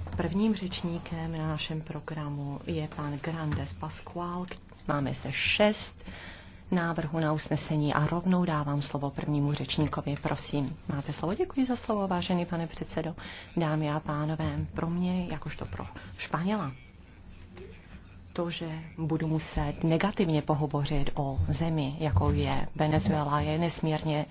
prvním řečníkem na našem programu je pan Grandes Pascual. Máme zde šest návrhů na usnesení a rovnou dávám slovo prvnímu řečníkovi. Prosím, máte slovo. Děkuji za slovo, vážený pane předsedo, dámy a pánové. Pro mě, jakožto pro Španěla, to, že budu muset negativně pohovořit o zemi, jakou je Venezuela, je nesmírně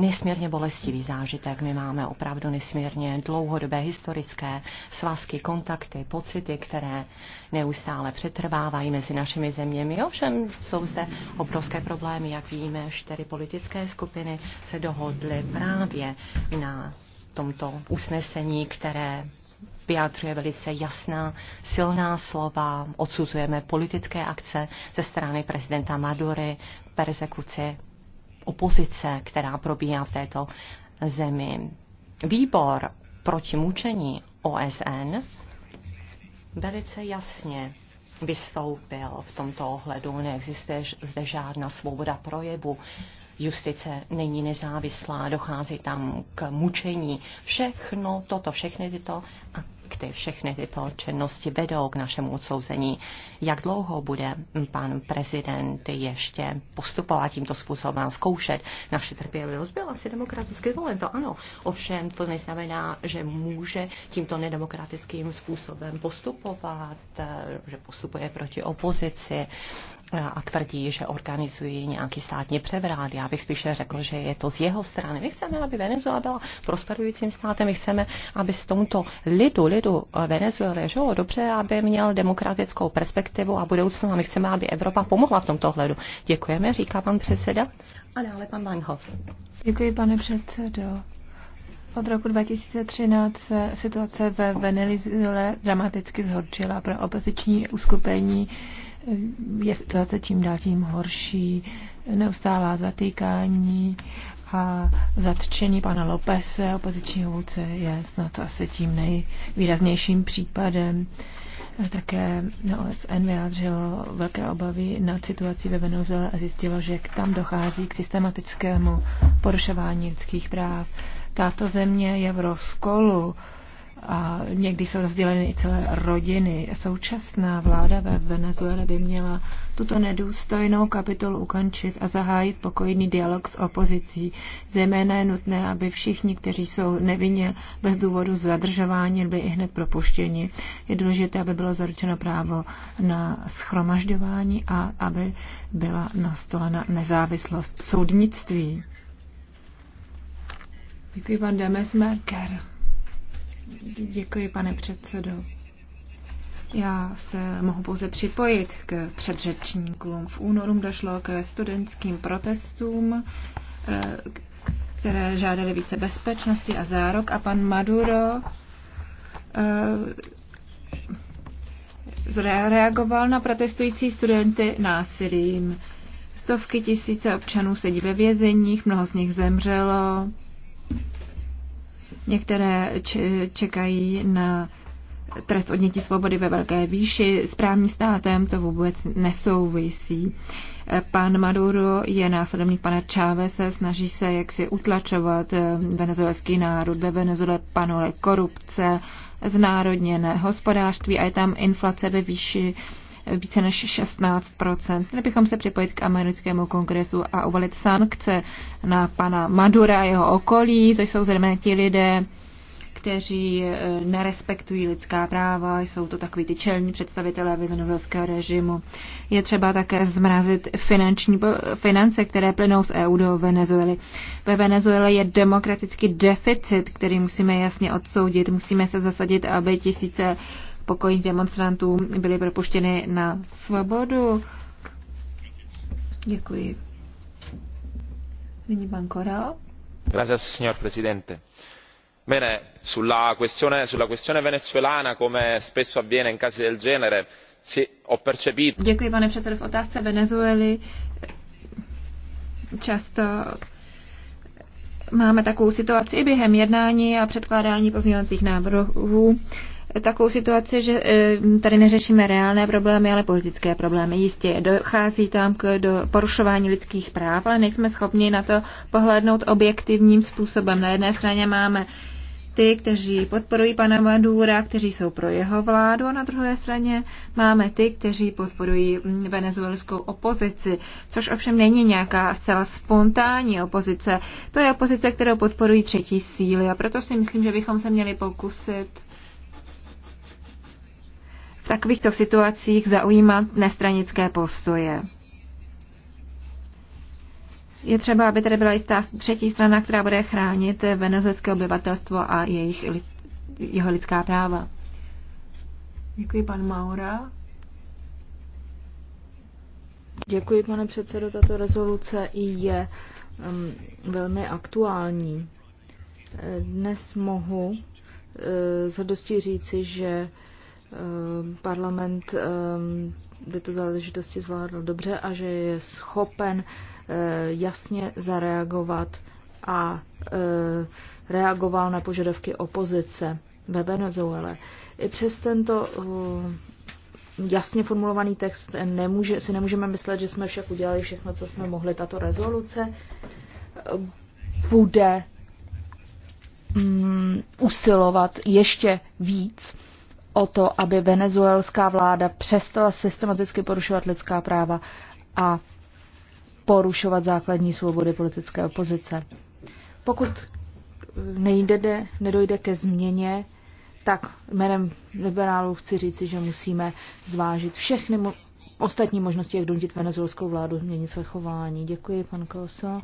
nesmírně bolestivý zážitek. My máme opravdu nesmírně dlouhodobé historické svazky, kontakty, pocity, které neustále přetrvávají mezi našimi zeměmi. Ovšem jsou zde obrovské problémy, jak víme, čtyři politické skupiny se dohodly právě na tomto usnesení, které vyjádřuje velice jasná, silná slova, odsuzujeme politické akce ze strany prezidenta Madury, persekuce opozice, která probíhá v této zemi. Výbor proti mučení OSN velice jasně vystoupil v tomto ohledu. Neexistuje zde žádná svoboda projevu. Justice není nezávislá, dochází tam k mučení. Všechno toto, všechny tyto subjekty, všechny tyto činnosti vedou k našemu odsouzení. Jak dlouho bude pan prezident ještě postupovat tímto způsobem, zkoušet naši trpělivost? Byl asi demokraticky zvolen, to ano. Ovšem to neznamená, že může tímto nedemokratickým způsobem postupovat, že postupuje proti opozici a tvrdí, že organizují nějaký státní převrát. Já bych spíše řekl, že je to z jeho strany. My chceme, aby Venezuela byla prosperujícím státem, my chceme, aby s tomuto lidu, lidu tu eh, Venezuelu, že jo, dobře, aby měl demokratickou perspektivu a budoucnu a my chceme, aby Evropa pomohla v tomto ohledu. Děkujeme, říká pan předseda. A dále pan Langhoff. Děkuji, pane předsedo. Od roku 2013 se situace ve Venezuele dramaticky zhoršila. Pro opoziční uskupení eh, je situace čím dál tím horší. Neustálá zatýkání, a zatčení pana Lopese, opozičního vůdce, je snad asi tím nejvýraznějším případem. Také OSN vyjádřilo velké obavy nad situací ve Venezuele a zjistilo, že tam dochází k systematickému porušování lidských práv. Tato země je v rozkolu a někdy jsou rozděleny i celé rodiny. Současná vláda ve Venezuele by měla tuto nedůstojnou kapitolu ukončit a zahájit pokojný dialog s opozicí. Zejména je nutné, aby všichni, kteří jsou nevinně bez důvodu zadržováni, byli i hned propuštěni. Je důležité, aby bylo zaručeno právo na schromažďování a aby byla nastolena nezávislost soudnictví. Děkuji, pan Demes Merker. Děkuji, pane předsedo. Já se mohu pouze připojit k předřečníkům. V únoru došlo ke studentským protestům, eh, které žádaly více bezpečnosti a zárok a pan Maduro eh, reagoval na protestující studenty násilím. Stovky tisíce občanů sedí ve vězeních, mnoho z nich zemřelo. Některé čekají na trest odnětí svobody ve velké výši. S právním státem to vůbec nesouvisí. Pan Maduro je následovník pana Chávese, snaží se jaksi utlačovat eh, venezuelský národ. Ve Venezuele panuje korupce, znárodněné hospodářství a je tam inflace ve výši více než 16 Měli bychom se připojit k americkému kongresu a uvalit sankce na pana Madura a jeho okolí, to jsou zejména ti lidé, kteří eh, nerespektují lidská práva, jsou to takový ty čelní představitelé venezuelského režimu. Je třeba také zmrazit finanční, finance, které plynou z EU do Venezuely. Ve Venezuele je demokratický deficit, který musíme jasně odsoudit. Musíme se zasadit, aby tisíce nepokojích demonstrantů byly propuštěny na svobodu. Děkuji. Nyní pan Korao. Gracias, señor Presidente. Bene, sulla questione, sulla questione venezuelana, come spesso avviene in casi del genere, si, ho percepito... Děkuji, pane předsedo. V otázce Venezuely často máme takovou situaci i během jednání a předkládání pozměňovacích návrhů. Uh, takovou situaci, že e, tady neřešíme reálné problémy, ale politické problémy. Jistě dochází tam k do porušování lidských práv, ale nejsme schopni na to pohlednout objektivním způsobem. Na jedné straně máme ty, kteří podporují pana Madura, kteří jsou pro jeho vládu a na druhé straně máme ty, kteří podporují venezuelskou opozici, což ovšem není nějaká zcela spontánní opozice. To je opozice, kterou podporují třetí síly a proto si myslím, že bychom se měli pokusit takovýchto situacích zaujímat nestranické postoje. Je třeba, aby tady byla jistá třetí strana, která bude chránit venezuelské obyvatelstvo a jejich, jeho lidská práva. Děkuji, pan Maura. Děkuji, pane předsedo. Tato rezoluce je um, velmi aktuální. Eh, dnes mohu uh, eh, zhodosti říci, že uh, Ehm, parlament ehm, tyto záležitosti zvládl dobře a že je schopen eh, jasně zareagovat a eh, reagoval na požadavky opozice ve Venezuele. I přes tento ehm, jasně formulovaný text nemůže, si nemůžeme myslet, že jsme však udělali všechno, co jsme mohli. Tato rezoluce bude mm, usilovat ještě víc o to, aby venezuelská vláda přestala systematicky porušovat lidská práva a porušovat základní svobody politické opozice. Pokud nejde, nedojde ke změně, tak jménem liberálů chci říci, že musíme zvážit všechny mo- ostatní možnosti, jak donutit venezuelskou vládu změnit své chování. Děkuji, pan Koso.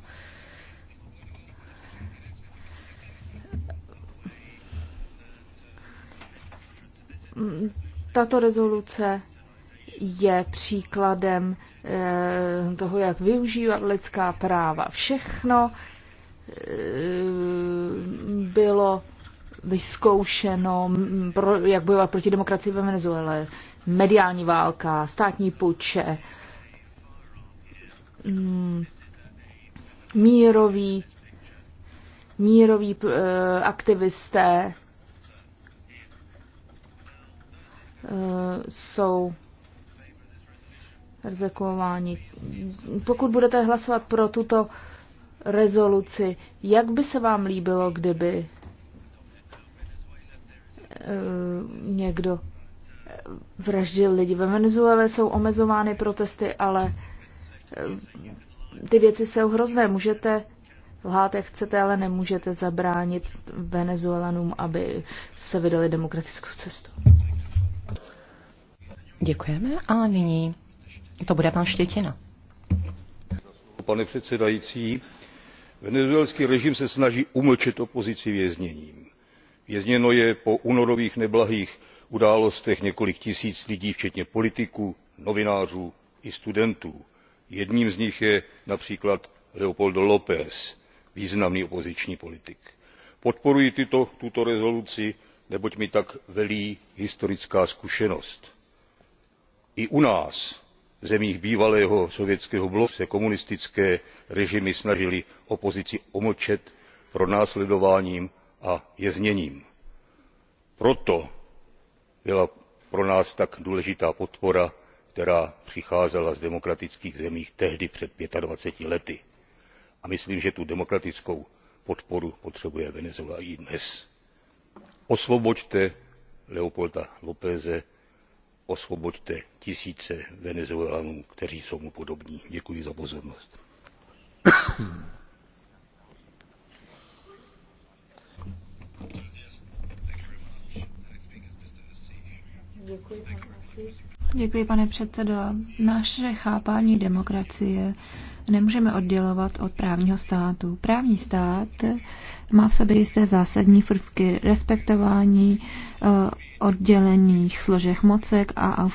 Tato rezoluce je příkladem eh, toho, jak využívat lidská práva. Všechno eh, bylo vyzkoušeno, pro, jak bojovat proti demokracii ve Venezuele, mediální válka, státní puče, mm, mírový, míroví eh, aktivisté, jsou rezekováni. Pokud budete hlasovat pro tuto rezoluci, jak by se vám líbilo, kdyby eh, někdo vraždil lidi. Ve Venezuele jsou omezovány protesty, ale eh, ty věci jsou hrozné. Můžete lhát, jak chcete, ale nemůžete zabránit Venezuelanům, aby se vydali demokratickou cestou. Děkujeme a nyní to bude pan Štětina. Pane předsedající, venezuelský režim se snaží umlčet opozici vězněním. Vězněno je po únorových neblahých událostech několik tisíc lidí, včetně politiků, novinářů i studentů. Jedním z nich je například Leopoldo López, významný opoziční politik. Podporuji tyto, tuto rezoluci, neboť mi tak velí historická zkušenost i u nás v zemích bývalého sovětského bloku se komunistické režimy snažily opozici umlčet pronásledováním a vězněním. proto byla pro nás tak důležitá podpora která přicházela z demokratických zemí tehdy před pětadvaceti lety. a myslím že tu demokratickou podporu potřebuje venezuela i dnes. osvoboďte leopolda lópeze osvoboďte tisíce venezuelanů kteří jsou mu podobní. děkuji za pozornost. Děkuji, pane předsedo. Naše chápání demokracie nemůžeme oddělovat od právního státu. Právní stát má v sobě jisté zásadní prvky respektování eh, oddělených složek mocek a,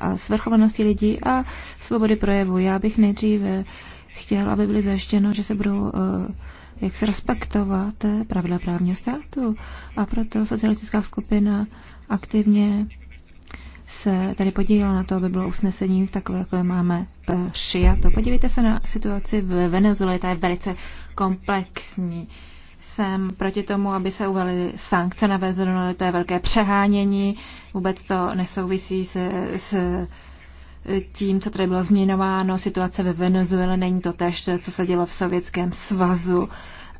a svrchovanosti lidí a svobody projevu. Já bych nejdříve chtěl, aby byly zajištěno, že se budou eh, jak se respektovat eh, pravidla právního státu. A proto socialistická skupina aktivně se tady podílela na to, aby bylo usnesení takové, jako máme přijato. Podívejte se na situaci v Venezuele, ta je velice komplexní jsem proti tomu, aby se uvaly sankce na VZN, to je velké přehánění, vůbec to nesouvisí s, s eh, tím, co tady bylo změnováno, situace ve Venezuele není to tež, co se dělo v Sovětském svazu. Uh,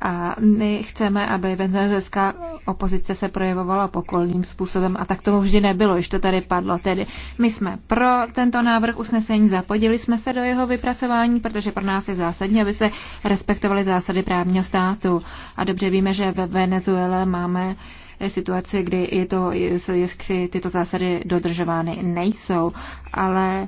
a my chceme, aby venezuelská opozice se projevovala pokolným způsobem a tak tomu vždy nebylo, již to tady padlo. Tedy my jsme pro tento návrh usnesení, zapodili jsme se do jeho vypracování, protože pro nás je zásadní, aby se respektovaly zásady právního státu. A dobře víme, že ve Venezuele máme situaci, kdy je to, jestli tyto zásady dodržovány nejsou, ale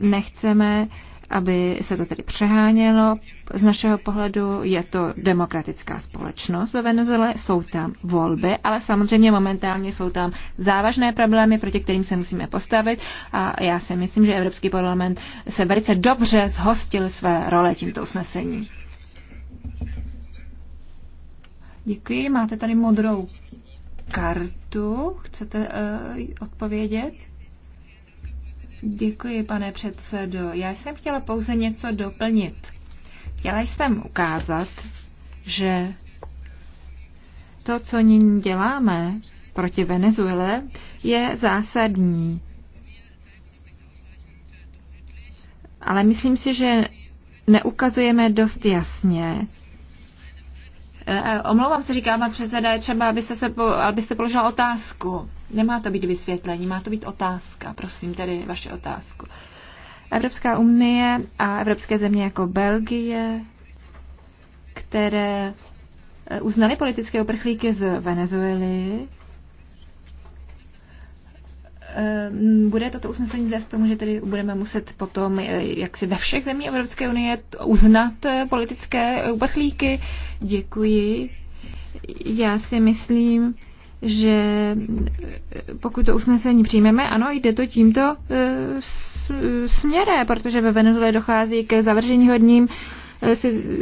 nechceme aby se to tedy přehánělo. Z našeho pohledu je to demokratická společnost ve Venezuele, jsou tam volby, ale samozřejmě momentálně jsou tam závažné problémy, proti kterým se musíme postavit a já si myslím, že Evropský parlament se velice dobře zhostil své role tímto usnesením. Děkuji, máte tady modrou kartu, chcete uh, odpovědět? Děkuji, pane předsedo. Já jsem chtěla pouze něco doplnit. Chtěla jsem ukázat, že to, co nyní děláme proti Venezuele, je zásadní. Ale myslím si, že neukazujeme dost jasně, e, e, Omlouvám se, říkám, pane předseda, je třeba, abyste, se, abyste položil otázku. Nemá to být vysvětlení, má to být otázka. Prosím tedy vaše otázku. Evropská unie a evropské země jako Belgie, které eh, uznaly politické uprchlíky z Venezuely, eh, bude toto usnesení vést tomu, že tedy budeme muset potom, eh, jak si ve všech zemí Evropské unie, uznat politické uprchlíky. Děkuji. Já si myslím, že eh, pokud to usnesení přijmeme, ano, jde to tímto eh, směrem, protože ve Venezuele dochází ke zavržení hodním eh,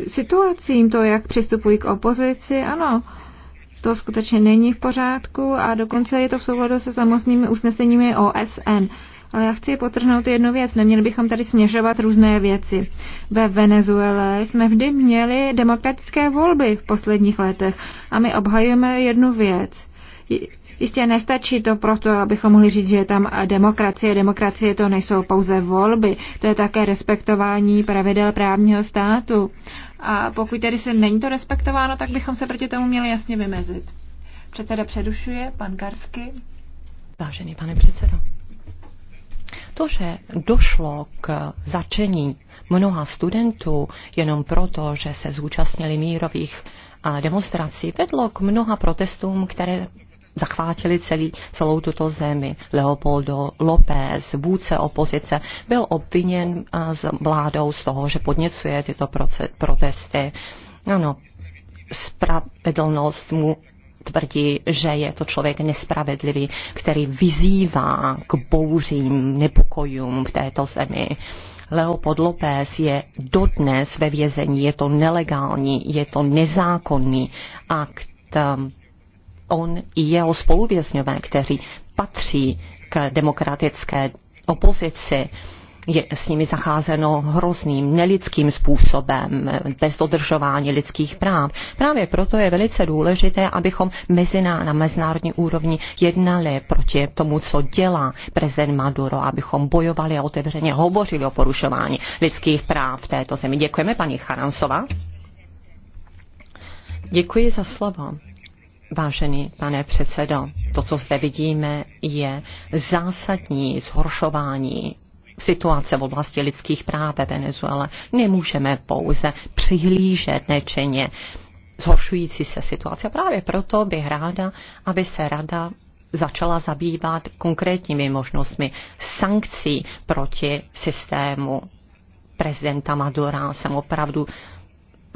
situacím, to, jak přistupují k opozici, ano, to skutečně není v pořádku a dokonce je to v souladu se samostnými usneseními OSN. Ale já chci potrhnout jednu věc. Neměli bychom tady směřovat různé věci. Ve Venezuele jsme vždy měli demokratické volby v posledních letech a my obhajujeme jednu věc. Jistě nestačí to proto, abychom mohli říct, že je tam demokracie. Demokracie to nejsou pouze volby, to je také respektování pravidel právního státu. A pokud tedy se není to respektováno, tak bychom se proti tomu měli jasně vymezit. Předseda předušuje, pan Karsky. Vážený pane předsedo, to, že došlo k začení mnoha studentů jenom proto, že se zúčastnili mírových demonstrací, vedlo k mnoha protestům, které zachvátili celý, celou tuto zemi. Leopoldo López, vůdce opozice, byl obviněn s vládou z toho, že podněcuje tyto protesty. Ano, spravedlnost mu tvrdí, že je to člověk nespravedlivý, který vyzývá k bouřím, nepokojům v této zemi. Leopold López je dodnes ve vězení, je to nelegální, je to nezákonný akt on i jeho spoluvězňové, kteří patří k demokratické opozici, je s nimi zacházeno hrozným, nelidským způsobem, bez dodržování lidských práv. Právě proto je velice důležité, abychom meziná, na mezinárodní úrovni jednali proti tomu, co dělá prezident Maduro, abychom bojovali a otevřeně hovořili o porušování lidských práv v této zemi. Děkujeme, paní Charansova. Děkuji za slovo. Vážený pane předsedo, to, co zde vidíme, je zásadní zhoršování situace v oblasti lidských práv ve Venezuele. Nemůžeme pouze přihlížet nečeně zhoršující se situace. Právě proto bych ráda, aby se rada začala zabývat konkrétními možnostmi sankcí proti systému prezidenta Madura. Jsem opravdu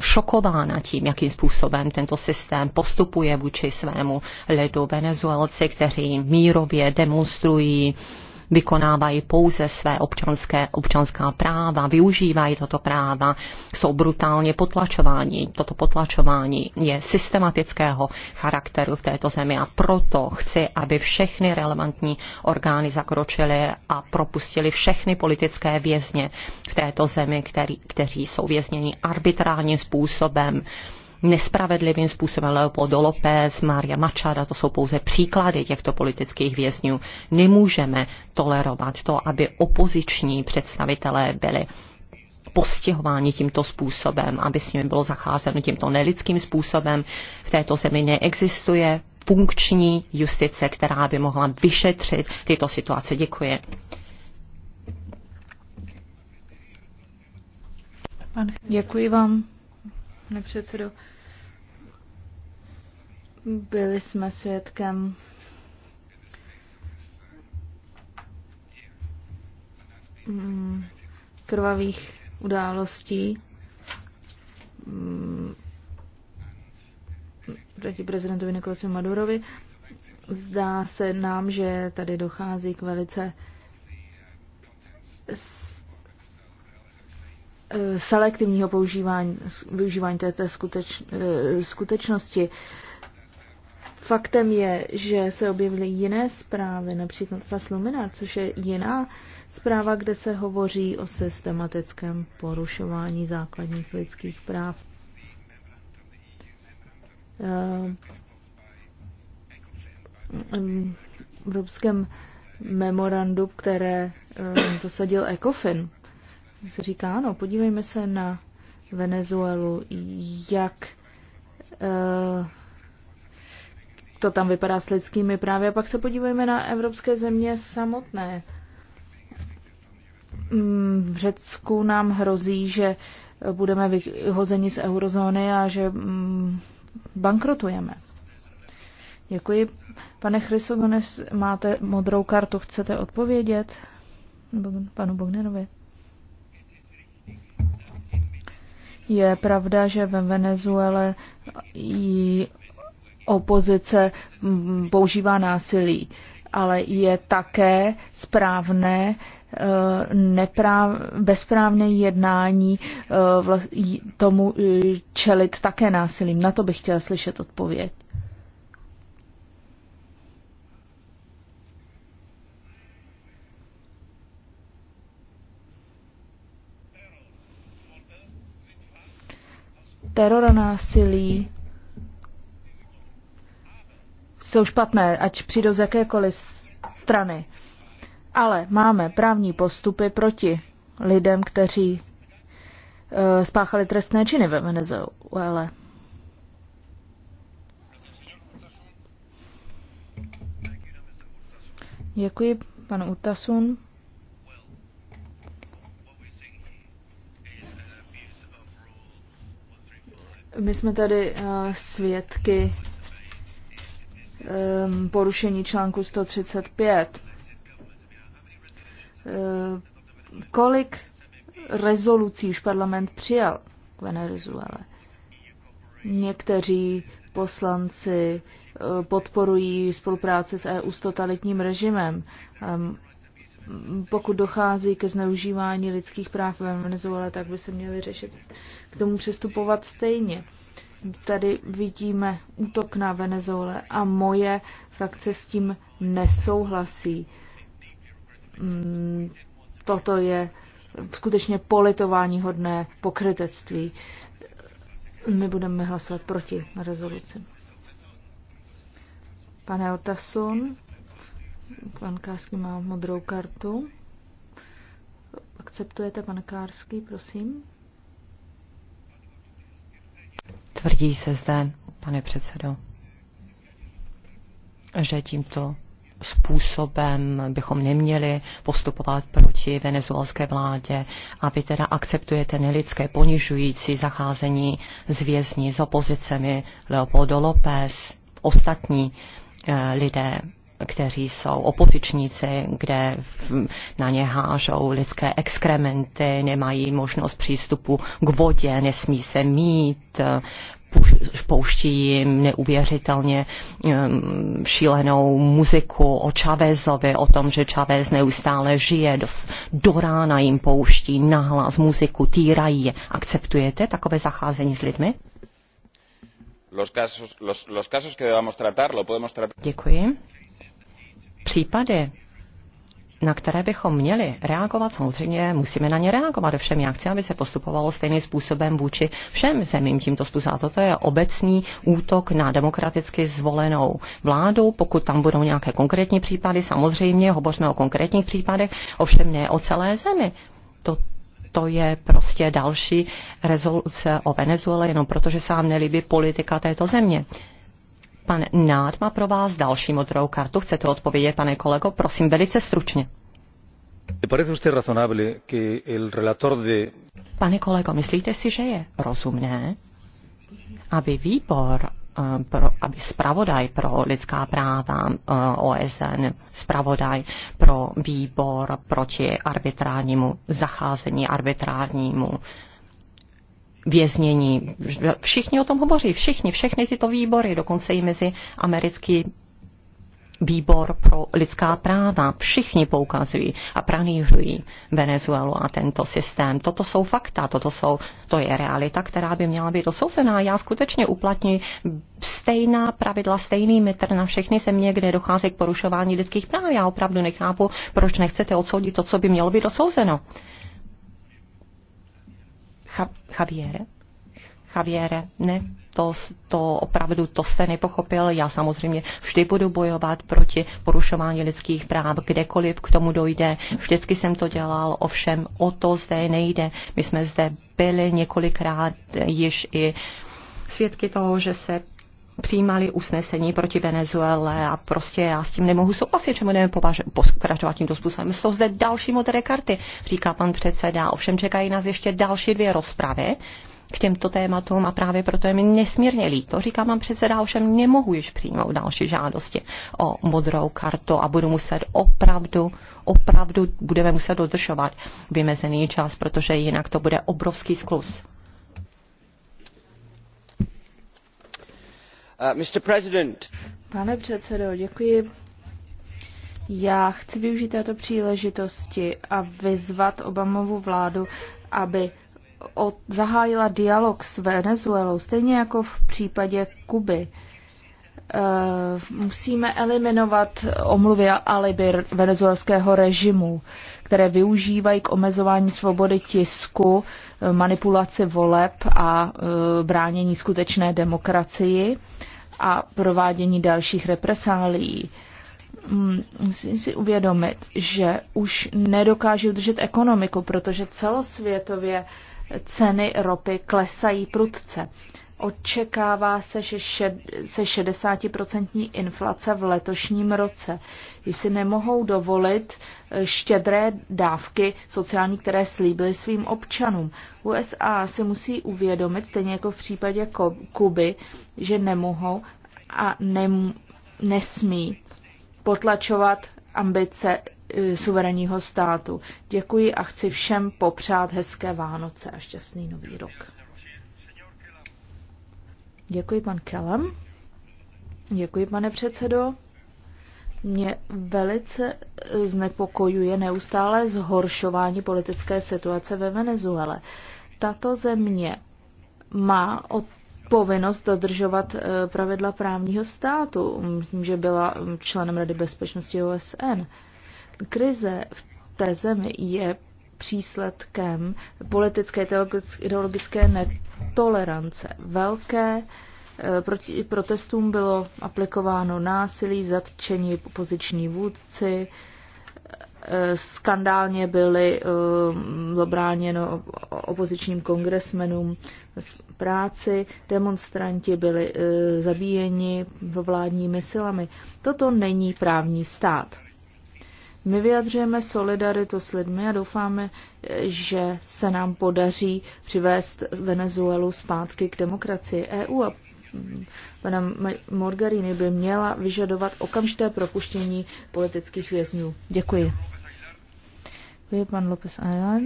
šokována tím, jakým způsobem tento systém postupuje vůči svému lidu Venezuelci, kteří mírově demonstrují uh, vykonávají pouze své občanské, občanská práva, využívají toto práva, jsou brutálně potlačováni. Toto potlačování je systematického charakteru v této zemi a proto chci, aby všechny relevantní orgány zakročily a propustili všechny politické vězně v této zemi, který, kteří jsou vězněni arbitrálním způsobem nespravedlivým způsobem. Leopoldo López, Maria Machada, to jsou pouze příklady těchto politických vězňů. Nemůžeme tolerovat to, aby opoziční představitelé byli postihování tímto způsobem, aby s nimi bylo zacházeno tímto nelidským způsobem. V této zemi neexistuje funkční justice, která by mohla vyšetřit tyto situace. Děkuji. děkuji vám pane předsedo. Byli jsme svědkem mm, krvavých událostí mm, proti prezidentovi Nikolasu Madurovi. Zdá se nám, že tady dochází k velice Eh, selektivního používání, využívání této skuteč, eh, skutečnosti. Faktem je, že se objevily jiné zprávy, například ta Slumina, což je jiná zpráva, kde se hovoří o systematickém porušování základních lidských práv. Eh, v Evropském memorandu, které prosadil ECOFIN se říká, ano, podívejme se na Venezuelu, jak uh, to tam vypadá s lidskými právy. A pak se podívejme na evropské země samotné. Mm, v Řecku nám hrozí, že budeme vyhozeni z eurozóny a že mm, bankrotujeme. Děkuji. Pane Chrysogones, máte modrou kartu, chcete odpovědět? Panu Bognerovi. Je pravda, že ve Venezuele i opozice používá násilí, ale je také správné eh, bezprávné jednání eh, tomu eh, čelit také násilím. Na to bych chtěla slyšet odpověď. teror a násilí jsou špatné, ať přijdou z jakékoliv strany. Ale máme právní postupy proti lidem, kteří uh, spáchali trestné činy ve Venezuele. Děkuji panu Utasun. My jsme tady eh, svědky ehm, porušení článku 135. Eh, kolik rezolucí už parlament přijal k Venezuele? Někteří poslanci eh, podporují spolupráci s EU s totalitním režimem. Ehm, pokud dochází ke zneužívání lidských práv ve Venezuele, tak by se měly řešit k tomu přistupovat stejně. Tady vidíme útok na Venezuele a moje frakce s tím nesouhlasí. Mm, toto je skutečně politování hodné pokrytectví. My budeme hlasovat proti rezoluci. Pane Otasun, Pan Kársky má modrou kartu. Akceptujete, pan Kársky, prosím? Tvrdí se zde, pane předsedo, že tímto způsobem bychom neměli postupovat proti venezuelské vládě aby teda akceptujete nelidské ponižující zacházení z vězni s opozicemi Leopoldo López, ostatní eh, lidé kteří jsou opozičníci, kde na ně hážou lidské exkrementy, nemají možnost přístupu k vodě, nesmí se mít, pouští jim neuvěřitelně um, šílenou muziku o Chavezovi, o tom, že Chavez neustále žije, do, do rána jim pouští nahlas muziku, týrají je. Akceptujete takové zacházení s lidmi? Los casos, los, los casos que debamos tratar, lo podemos tratar. Děkuji případy, na které bychom měli reagovat, samozřejmě musíme na ně reagovat. Všem já chci, aby se postupovalo stejným způsobem vůči všem zemím tímto způsobem. A toto je obecný útok na demokraticky zvolenou vládu. Pokud tam budou nějaké konkrétní případy, samozřejmě hovoříme o konkrétních případech, ovšem ne o celé zemi. To, to je prostě další rezoluce o Venezuele, jenom protože se vám nelíbí politika této země. Pan Nád má pro vás další modrou kartu. Chcete odpovědět, pane kolego? Prosím, velice stručně. Pane kolego, myslíte si, že je rozumné, aby výbor eh, pro, aby spravodaj pro lidská práva eh, OSN, spravodaj pro výbor proti arbitrárnímu zacházení, arbitrárnímu věznění. Všichni o tom hovoří, všichni, všechny tyto výbory, dokonce i mezi americký výbor pro lidská práva. Všichni poukazují a pranířují Venezuelu a tento systém. Toto jsou fakta, toto jsou, to je realita, která by měla být osouzená. Já skutečně uplatňuji stejná pravidla, stejný metr na všechny země, kde dochází k porušování lidských práv. Já opravdu nechápu, proč nechcete odsoudit to, co by mělo být osouzeno. Javiere? Javiere, ne, to, to opravdu, to jste nepochopil. Já samozřejmě vždy budu bojovat proti porušování lidských práv, kdekoliv k tomu dojde. Vždycky jsem to dělal, ovšem o to zde nejde. My jsme zde byli několikrát již i svědky toho, že se přijímali usnesení proti Venezuele a prostě já s tím nemohu souhlasit, že budeme pokračovat tímto způsobem. Jsou zde další modré karty, říká pan předseda. Ovšem čekají nás ještě další dvě rozpravy k těmto tématům a právě proto je mi nesmírně líto. Říká pan předseda, ovšem nemohu již přijmout další žádosti o modrou kartu a budu muset opravdu, opravdu budeme muset dodržovat vymezený čas, protože jinak to bude obrovský sklus. Uh, Pane předsedající děkuji. Já chci využít této příležitosti a vyzvat Obamovu vládu, aby zahájila dialog s Venezuelou, stejně jako v případě Kuby. Uh, musíme eliminovat omluvy a alibi venezuelského režimu, které využívají k omezování svobody tisku, manipulaci voleb a uh, bránění skutečné demokracii a provádění dalších represálií. Mm, musím si uvědomit, že už nedokáží udržet ekonomiku, protože celosvětově ceny ropy klesají prudce. Očekává se, že šed, se 60% inflace v letošním roce. Když si nemohou dovolit eh, štědré dávky sociální, které slíbily svým občanům. USA si musí uvědomit, stejně jako v případě Kuby, že nemohou a nem, nesmí potlačovat ambice eh, suverénního státu. Děkuji a chci všem popřát hezké Vánoce a šťastný nový rok. Děkuji, pan Kelem. Děkuji, pane předsedo. Mě velice znepokojuje neustále zhoršování politické situace ve Venezuele. Tato země má od povinnost dodržovat eh, pravidla právního státu, myslím, že byla mm, členem Rady bezpečnosti OSN. Krize v té zemi je přísledkem politické ideologické tolerance velké. E, proti protestům bylo aplikováno násilí, zatčení opoziční vůdci, e, skandálně byly e, zabráněno opozičním kongresmenům z práci, demonstranti byli zabíjeni vládními silami. Toto není právní stát. My vyjadřujeme solidaritu s lidmi a doufáme, že se nám podaří přivést Venezuelu zpátky k demokracii EU a pana Morgarini by měla vyžadovat okamžité propuštění politických vězňů. Děkuji. Děkuji, pan López Aguilar.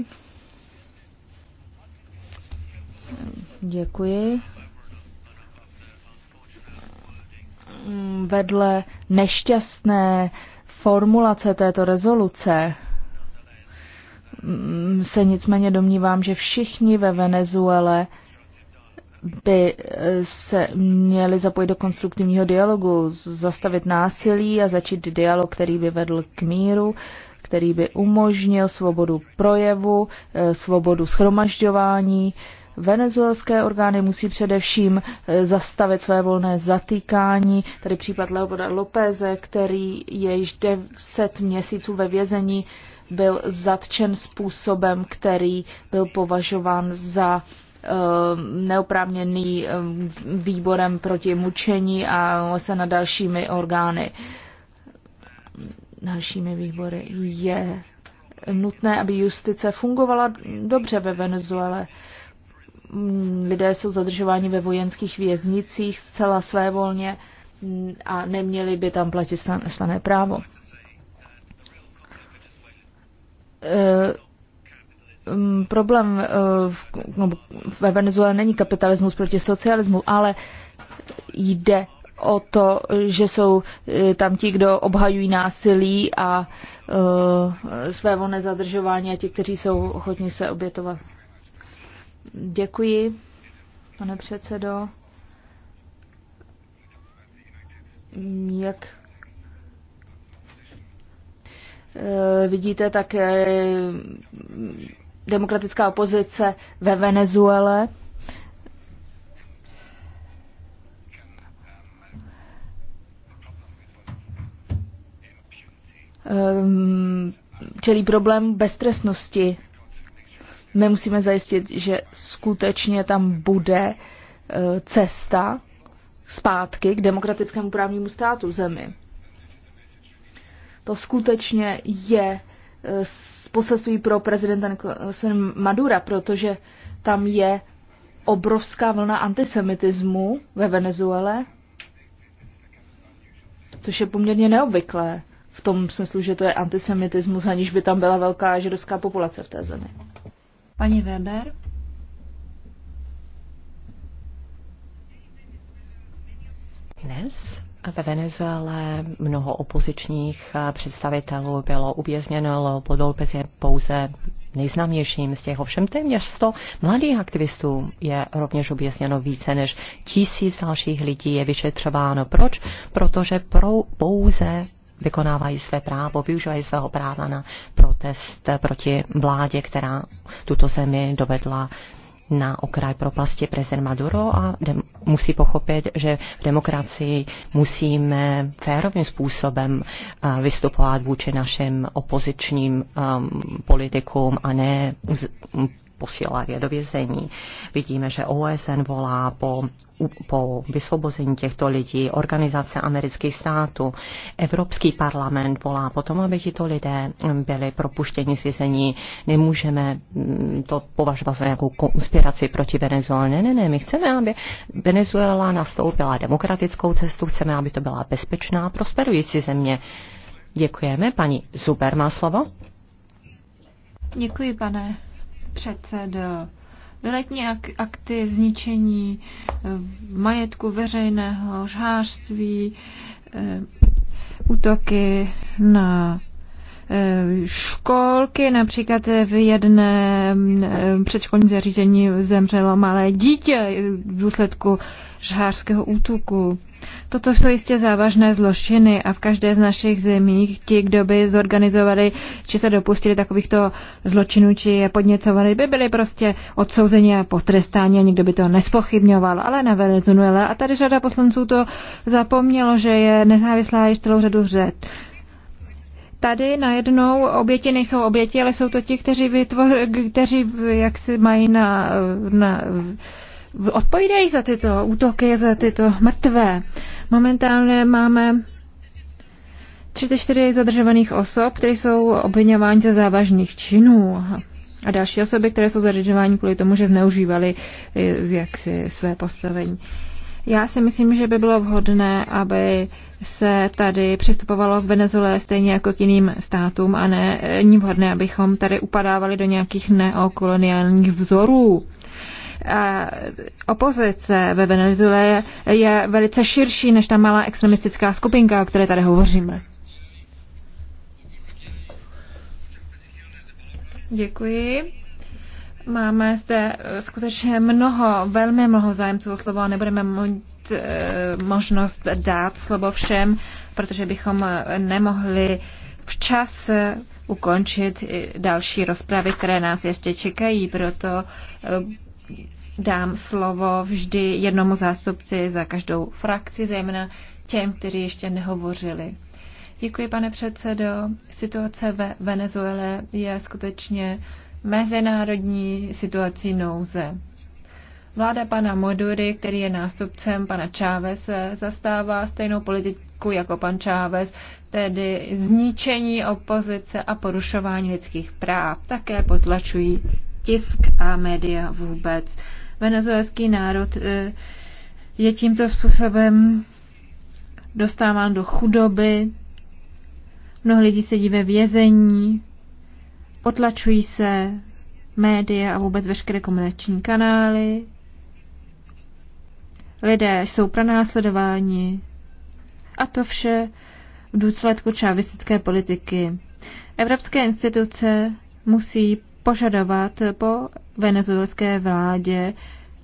Děkuji. Vedle nešťastné formulace této rezoluce mm, se nicméně domnívám, že všichni ve Venezuele by eh, se měli zapojit do konstruktivního dialogu, zastavit násilí a začít dialog, který by vedl k míru, který by umožnil svobodu projevu, eh, svobodu schromažďování, Venezuelské orgány musí především eh, zastavit své volné zatýkání. Tady případ Leopolda Lopeze, který je již 10 měsíců ve vězení, byl zatčen způsobem, který byl považován za eh, neoprávněný eh, výborem proti mučení a se na dalšími orgány. Dalšími výbory je nutné, aby justice fungovala dobře ve Venezuele. Mm, lidé jsou zadržováni ve vojenských věznicích zcela volně a neměli by tam platit stan, stané právo. E, mm, problém e, v, no, ve Venezuele není kapitalismus proti socialismu, ale jde o to, že jsou e, tam ti, kdo obhajují násilí a své volné zadržování a ti, kteří jsou ochotní se obětovat Děkuji, pane předsedo. Jak eh, vidíte, tak eh, demokratická opozice ve Venezuele ehm, čelí problém beztresnosti my musíme zajistit, že skutečně tam bude eh, cesta zpátky k demokratickému právnímu státu zemi. To skutečně je eh, poselství pro prezidenta eh, Madura, protože tam je obrovská vlna antisemitismu ve Venezuele, což je poměrně neobvyklé v tom smyslu, že to je antisemitismus, aniž by tam byla velká židovská populace v té zemi. Pani Weber? Dnes ve Venezuele mnoho opozičních eh, představitelů bylo uvězněno, Podolpes je pouze nejznámějším z těch, ovšem téměř 100 mladých aktivistů je rovněž objasněno více než tisíc dalších lidí je vyšetřováno. Proč? Protože pro, pouze vykonávají své právo, využívají svého práva na protest proti vládě, která tuto zemi dovedla na okraj propasti prezident Maduro a musí pochopit, že v demokracii musíme férovým způsobem eh, vystupovat vůči našim opozičním ehm, politikům a ne posílat je do vězení. Vidíme, že OSN volá po, po vysvobození těchto lidí, organizace amerických států, Evropský parlament volá po tom, aby tito lidé ehm, byli propuštěni z vězení. Nemůžeme mm, to považovat za nějakou konspiraci proti Venezuele. Ne, ne, ne, my chceme, aby Venezuela nastoupila demokratickou cestu, chceme, aby to byla bezpečná, prosperující země. Děkujeme. Paní Zuber má slovo. Děkuji, pane předsedo. Letní ak- akty zničení eh, majetku veřejného žhářství, eh, útoky na Eh, školky, například v jedné mm, eh, předškolní zařízení zemřelo malé dítě v důsledku žhářského útoku. Toto jsou jistě závažné zločiny a v každé z našich zemí ti, kdo by zorganizovali či se dopustili takovýchto zločinů, či je podněcovali, by byli prostě odsouzeni a potrestáni a nikdo by to nespochybňoval. Ale na Venezuela a tady řada poslanců to zapomnělo, že je nezávislá již celou řadu řet tady najednou oběti nejsou oběti, ale jsou to ti, kteří, vytvoř, kteří jak si mají na, na odpovídají za tyto útoky, za tyto mrtvé. Momentálně máme 34 zadržovaných osob, které jsou obvinováni ze závažných činů a další osoby, které jsou zadržovány kvůli tomu, že zneužívali eh, jaksi své postavení. Uh, já si myslím, že by bylo vhodné, aby se tady přistupovalo k Venezuele stejně jako k jiným státům a ne, eh, není vhodné, abychom tady upadávali do nějakých neokoloniálních vzorů opozice ve Venezuele je, je velice širší než ta malá extremistická skupinka, o které tady hovoříme. Děkuji. Máme zde eh, skutečně mnoho, velmi mnoho zájemců o slovo a nebudeme mít eh, možnost dát slovo všem, protože bychom eh, nemohli včas ukončit další rozpravy, které nás ještě čekají. Proto dám slovo vždy jednomu zástupci za každou frakci, zejména těm, kteří ještě nehovořili. Děkuji, pane předsedo. Situace ve Venezuele je skutečně mezinárodní situací nouze. Vláda pana Modury, který je nástupcem pana Chávez, zastává stejnou politiku jako pan Chávez, tedy zničení opozice a porušování lidských práv. Také potlačují tisk a média vůbec. Venezuelský národ eh, je tímto způsobem dostáván do chudoby, mnoho lidí sedí ve vězení, potlačují se média a vůbec veškeré komunikační kanály, lidé jsou pronásledováni a to vše v důsledku čávistické politiky. Evropské instituce musí požadovat po venezuelské vládě,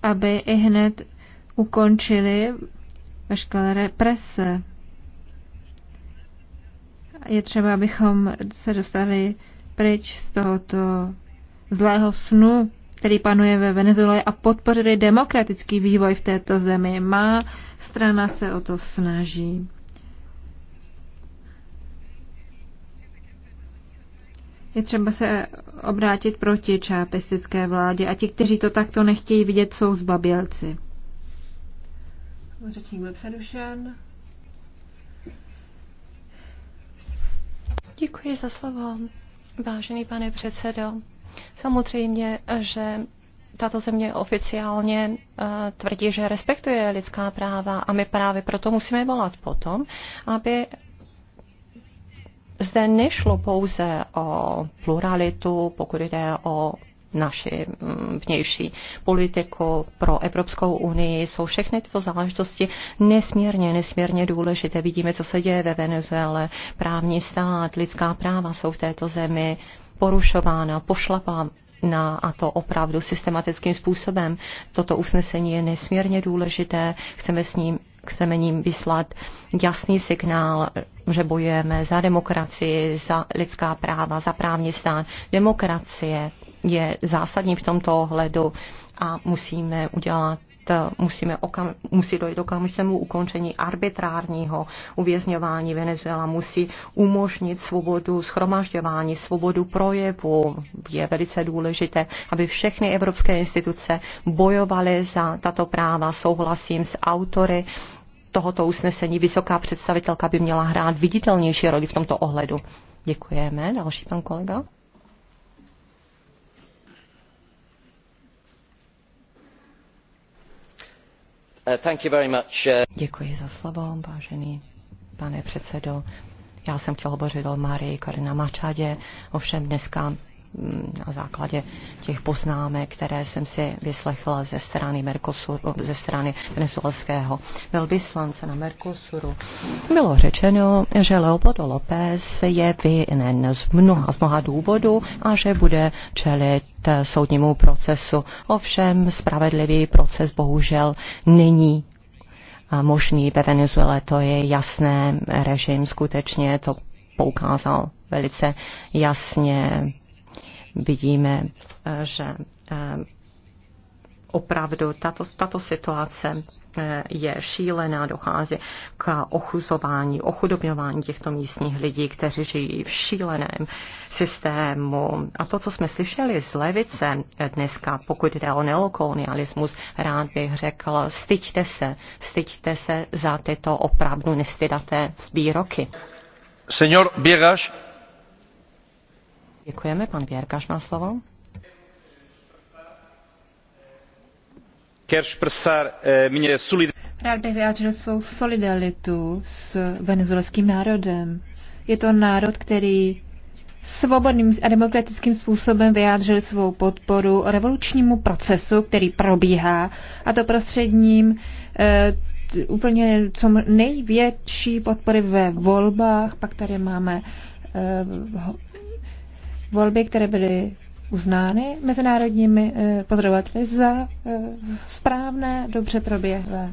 aby i hned ukončili veškeré represe. Je třeba, abychom se dostali pryč z tohoto zlého snu, který panuje ve Venezuele a podpořili demokratický vývoj v této zemi. Má strana se o to snaží. Je třeba se obrátit proti čápistické vládě a ti, kteří to takto nechtějí vidět, jsou zbabělci. Řečník byl předušen. Děkuji za slovo. Vážený pane předsedo, samozřejmě, že tato země oficiálně eh, tvrdí, že respektuje lidská práva a my právě proto musíme volat potom, aby zde nešlo pouze o pluralitu, pokud jde o naši mm, vnější politiku, pro Evropskou unii. Jsou všechny tyto záležitosti nesmírně, nesmírně důležité. Vidíme, co se děje ve Venezuele, právní stát, lidská práva jsou v této zemi porušována, pošlapána na, a to opravdu systematickým způsobem. Toto usnesení je nesmírně důležité, chceme s ním chceme ním vyslat jasný signál, že bojujeme za demokracii, za lidská práva, za právní stát. Demokracie je zásadní v tomto ohledu a musíme udělat musíme okam, musí dojít okamžitému ukončení arbitrárního uvězňování Venezuela, musí umožnit svobodu schromažďování, svobodu projevu. Je velice důležité, aby všechny evropské instituce bojovaly za tato práva. Souhlasím s autory tohoto usnesení. Vysoká představitelka by měla hrát viditelnější roli v tomto ohledu. Děkujeme. Další pan kolega. Uh, uh, Děkuji za slovo, vážený pane předsedo. Já jsem chtěl hovořit o Marii Korina Mačadě, ovšem dneska Mm, na základě těch poznámek, které jsem si vyslechla ze strany, Mercosuru, ze strany venezuelského velvyslance na Mercosuru, bylo řečeno, že Leopoldo López je vyjen z mnoha, z mnoha důvodů a že bude čelit soudnímu procesu. Ovšem spravedlivý proces bohužel není možný ve Venezuele, to je jasné, režim skutečně to poukázal velice jasně vidíme, že eh, opravdu tato, tato situace eh, je šílená, dochází k ochuzování, ochudobňování těchto místních lidí, kteří žijí v šíleném systému. A to, co jsme slyšeli z levice eh, dneska, pokud jde o neokolonialismus, rád bych řekl, styďte se, styďte se za tyto opravdu nestydaté výroky. Senor Běgaš, Děkujeme. Pan Věrkaš má slovo. Eh, Rád bych vyjádřil svou solidaritu s venezuelským národem. Je to národ, který svobodným a demokratickým způsobem vyjádřil svou podporu revolučnímu procesu, který probíhá, a to prostředním e, úplně co největší podpory ve volbách. Pak tady máme e, volby, které byly uznány mezinárodními eh, pozorovateli za eh, správné, dobře proběhlé.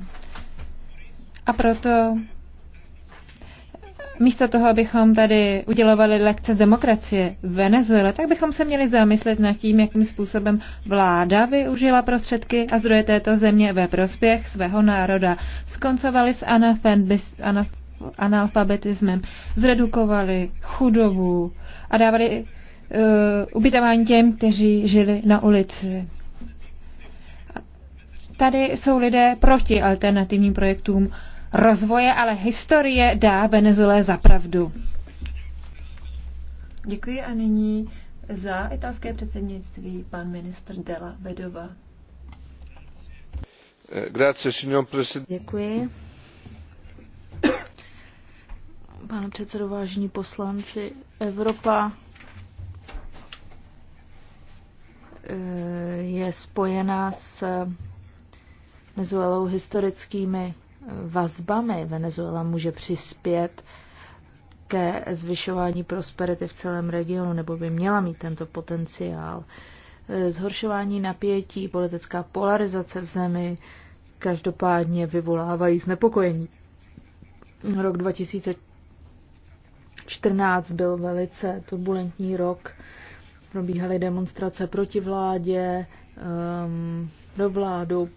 A proto eh, místo toho, abychom tady udělovali lekce demokracie v Venezuele, tak bychom se měli zamyslet nad tím, jakým způsobem vláda využila prostředky a zdroje této země ve prospěch svého národa. Skoncovali s analfabetismem, zredukovali chudobu a dávali Eh, ubytování těm, kteří žili na ulici. Tady jsou lidé proti alternativním projektům rozvoje, ale historie dá Venezuele za pravdu. Děkuji a nyní za italské předsednictví pan ministr Della Vedova. Eh, Děkuji. Pane předsedo, vážení poslanci, Evropa je spojená s Venezuelou historickými vazbami. Venezuela může přispět ke zvyšování prosperity v celém regionu, nebo by měla mít tento potenciál. Zhoršování napětí, politická polarizace v zemi každopádně vyvolávají znepokojení. Rok 2014 byl velice turbulentní rok probíhaly demonstrace proti vládě, um, do vládu.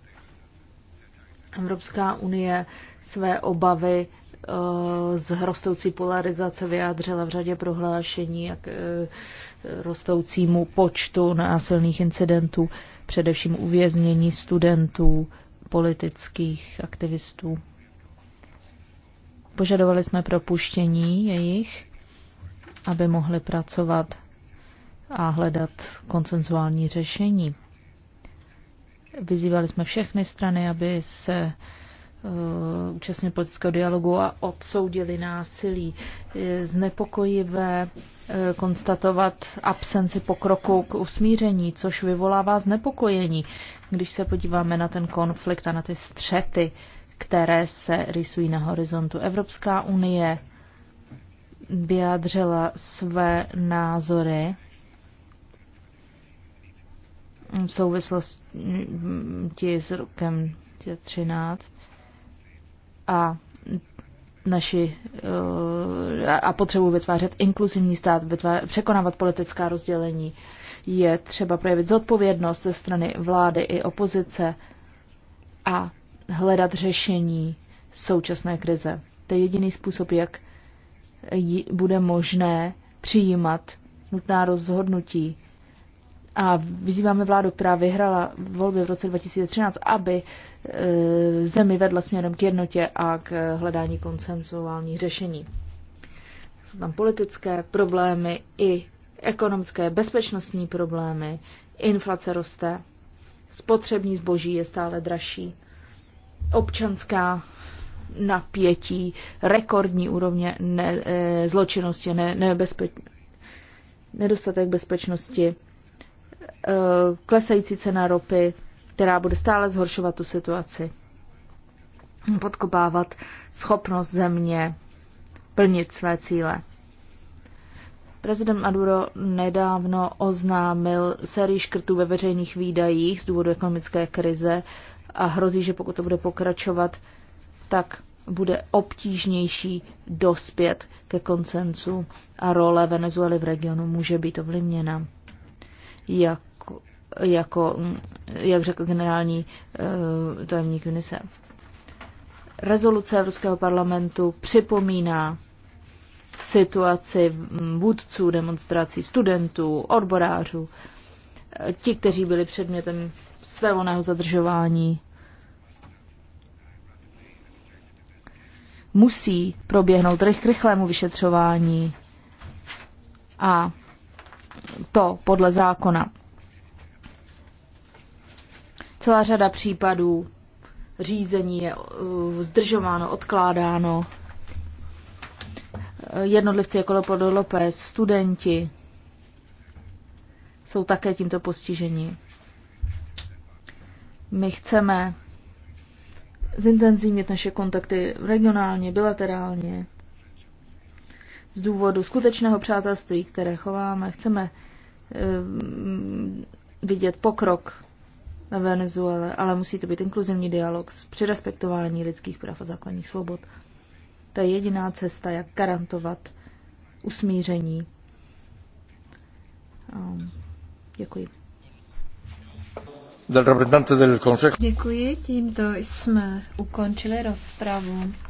Evropská unie své obavy eh, z rostoucí polarizace vyjádřila v řadě prohlášení jak eh, rostoucímu počtu násilných incidentů, především uvěznění studentů, politických aktivistů. Požadovali jsme propuštění jejich, aby mohli pracovat a hledat konsenzuální řešení. Vyzývali jsme všechny strany, aby se eh, účastnili politického dialogu a odsoudili násilí. Je znepokojivé eh, konstatovat absenci pokroku k usmíření, což vyvolává znepokojení, když se podíváme na ten konflikt a na ty střety, které se rysují na horizontu. Evropská unie vyjádřila své názory v souvislosti s rokem 13 a naši eh, a potřebu vytvářet inkluzivní stát, překonávat politická rozdělení. Je třeba projevit zodpovědnost ze strany vlády i opozice a hledat řešení současné krize. To je jediný způsob, jak bude možné přijímat nutná rozhodnutí a vyzýváme vládu, která vyhrala volby v roce 2013, aby e, zemi vedla směrem k jednotě a k hledání koncenzuálních řešení. Jsou tam politické problémy i ekonomické, bezpečnostní problémy, inflace roste, spotřební zboží je stále dražší, občanská napětí, rekordní úrovně ne, e, zločinnosti, ne, nebezpeč, nedostatek bezpečnosti Eh, klesající cena ropy, která bude stále zhoršovat tu situaci, podkopávat schopnost země plnit své cíle. Prezident Maduro nedávno oznámil sérii škrtů ve veřejných výdajích z důvodu ekonomické krize a hrozí, že pokud to bude pokračovat, tak bude obtížnější dospět ke koncensu a role Venezuely v regionu může být ovlivněna jak, jako, jako mm, jak řekl generální uh, tajemník UNICEF. Rezoluce Evropského parlamentu připomíná situaci vůdců demonstrací, studentů, odborářů, eh, ti, kteří byli předmětem svévolného zadržování, musí proběhnout k rychlému vyšetřování a to podle zákona. Celá řada případů řízení je uh, zdržováno, odkládáno. Jednotlivci jako Lopoldo López, studenti jsou také tímto postiženi. My chceme zintenzivnit naše kontakty regionálně, bilaterálně, z důvodu skutečného přátelství, které chováme. Chceme eh, vidět pokrok ve Venezuele, ale musí to být inkluzivní dialog při respektování lidských práv a základních svobod. To je jediná cesta, jak garantovat usmíření. Um, děkuji. Děkuji, tímto jsme ukončili rozpravu.